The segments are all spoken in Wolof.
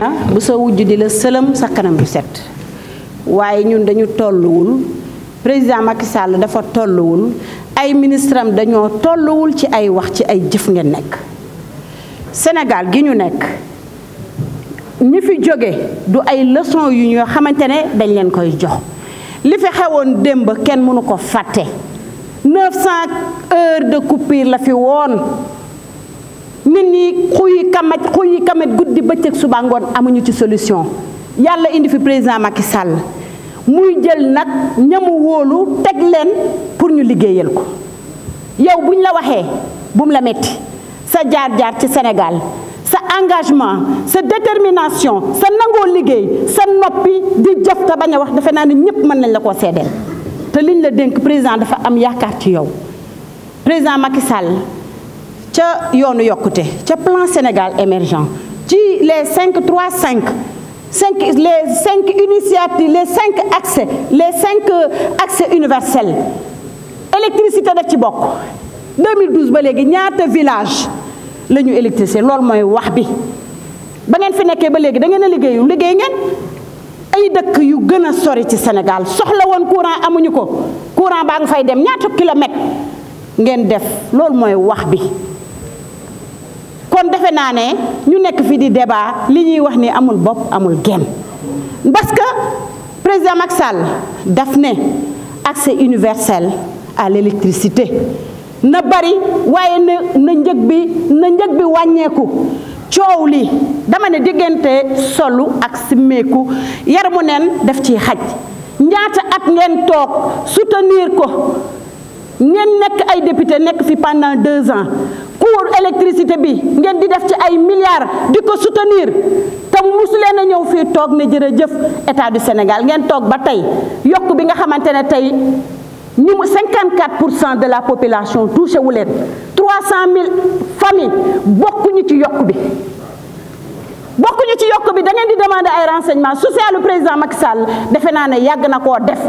ah bu sa wujj di la sëlëm sa kanam du set waaye ñun dañu tolluwul président Macky Sall dafa tolluwul ay ministrem dañoo tolluwul ci ay wax ci ay jëf ngeen nekk Sénégal gi ñu nekk ñi fi jóge du ay leçon yu ñoo xamante ne dañ leen koy jox li fi xewoon démb kenn mënu ko fàtte 900 heures de coupure la fi woon nit ñi xuyi kamaj xuyi kamaj guddi bëccëg suba ngoon amuñu ci solution yàlla indi fi président Macky Sall muy jël nag ñamu wóolu teg leen pour ñu liggéeyal ko yow buñ la waxee bum la metti sa jaar-jaar ci Sénégal sa engagement sa détermination sa nangoo liggéey sa noppi di jëf te bañ a wax defe naa ne ñëpp mën nañ la ko seedeel te liñ la dénk président dafa am yaakaar ci yow président Macky Sall C'est un plan Sénégal émergent. Les 5-3-5, les 5 initiatives, les 5 accès, les 5 euh, accès universels. L'électricité de Tibok. En 2012, il y a un village. L'électricité, c'est ce que je veux dire. Si vous avez un village, vous avez un village. Vous avez un village. Vous avez un village. Vous avez un village. Vous avez un village. Vous avez un village. Vous c'est ce village. Vous avez un village. Vous avez un village. Vous avez un village. Vous avez un village. Vous avez un village. Vous kon defe naa ne ñu nekk fi di débat li ñuy wax ni amul bopp amul genn parce que président Macky Sall daf ne accès universel à l'électricité na bari waaye na na njëg bi na njëg bi wàññeeku coow li dama ne diggante solu ak simmeeku yar mu neen daf ciy xaj ñaata at ngeen toog soutenir ko ngeen nekk ay député nekk fi pendant deux ans cours électricité bi ngeen di def ci ay milliards di ko soutenir te musu leen a ñëw fii toog ne jëf état du Sénégal ngeen toog ba tey yokk bi nga xamante ne tey ñu mu 54 pour cent de la population touché wu leen 300000 familles bokkuñu ci yokk bi. bokkuñu ci yokk bi da ngeen di demander ay renseignements socialu président Macky Sall defe naa ne yàgg na koo def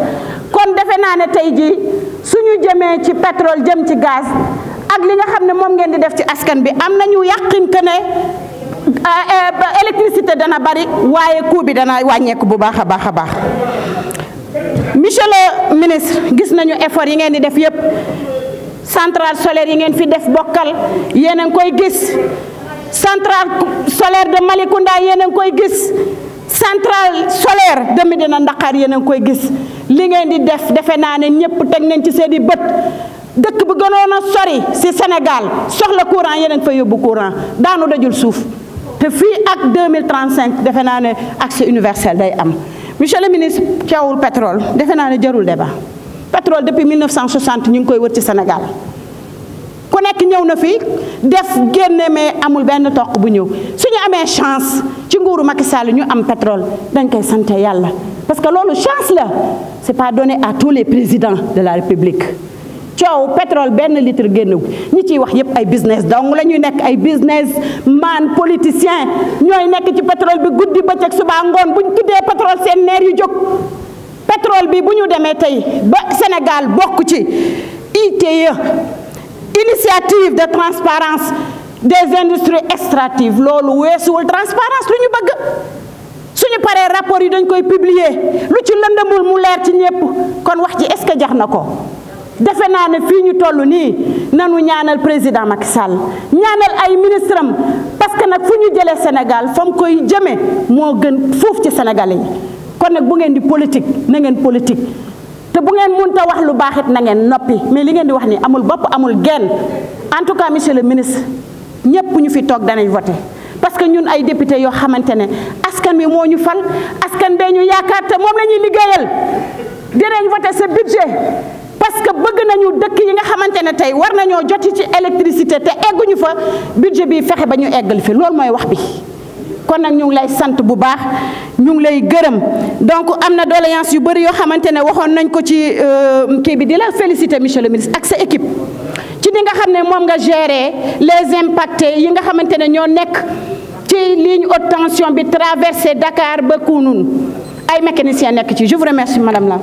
kon defe naa ne tey jii suñu jëmee ci pétrole jëm ci gaz. ak li nga xamne ne ngeen di def ci askan bi am nañu yaqin ke ne euh, euh, électricité dana bari waye coût bi dana wañeku bu baax a baax monsieur le ministre gis nañu effort yi ngeen di def yépp centrale solaire yi ngeen fi def bokal yeen ngi koy gis centrale solaire de malikunda yeen ngi koy gis Central solaire de medina Ndakar yéen ngi koy gis li ngeen di def defena ne ñepp tek nañ ci seedi beut dëkk bu gënoon a sori si Sénégal soxla courant yeneen fa yóbbu courant daanu dajul suuf te depuis ak 2035 defe naa ne accès universel day am monsieur le ministre le pétrole defe naa ne jarul débat pétrole depuis 1960 ñu ngi koy wër ci Sénégal ku nekk ñëw na fi def génne mais amul benn toq bu ñëw suñu amee chance ci nguuru Macky Sall ñu am pétrole dañ koy sant yàlla parce que la chance la c'est pas donné à tous les présidents de la République coow pétrole ben litre génnewu ñi ci wax yépp ay business donc la nek ay business man politicien ñoy nek ci pétrole bi guddi bëccëg suba ngone buñ tuddé pétrole sen neer yu jog pétrole bi buñu démé tay ba Sénégal bokku ci ite initiative de transparence des industries extractives loolu weesuwul transparence luñu bëgg suñu paré rapport yi dañ koy publier lu ci lëndëmul mu lër ci ñëpp kon wax ji est-ce que jax nako defe naa ne fii ñu toll nii nanu ñaanal président Macky Sall ñaanal ay ministre am parce que nag fu ñu jëlee Sénégal fa mu koy jëmee moo gën foofu ci sénégalais yi kon nag bu ngeen di politique na ngeen politique te bu ngeen mënta wax lu baax it na ngeen noppi mais li ngeen di wax ni amul bopp amul genn en tout cas monsieur le ministre ñépp ñu fi toog danañ voté parce que ñun ay député yoo xamante ne askan wi moo ñu fal askan bee ñu yaakaar te moom la ñuy liggéeyal dinañ voté sa budget parce que bëgg nañu dëkk yi nga xamante ne tey war nañoo joti ci électricité te egguñu fa budget bi fexe ba ñu eggal fi loolu mooy wax bi kon nag ñu ngi lay sant bu baax ñu ngi lay gërëm donc am na doléance yu bëri yoo xamante ne waxoon nañ ko ci euh, kii bi di la féliciter monsieur le ministre ak sa équipe ci li nga xam ne moom nga gérer les impactés yi nga xamante ne ñoo nekk ci ligne haute tension bi traversé Dakar ba Kounoune ay mécaniciens nekk ci je vous remercie madame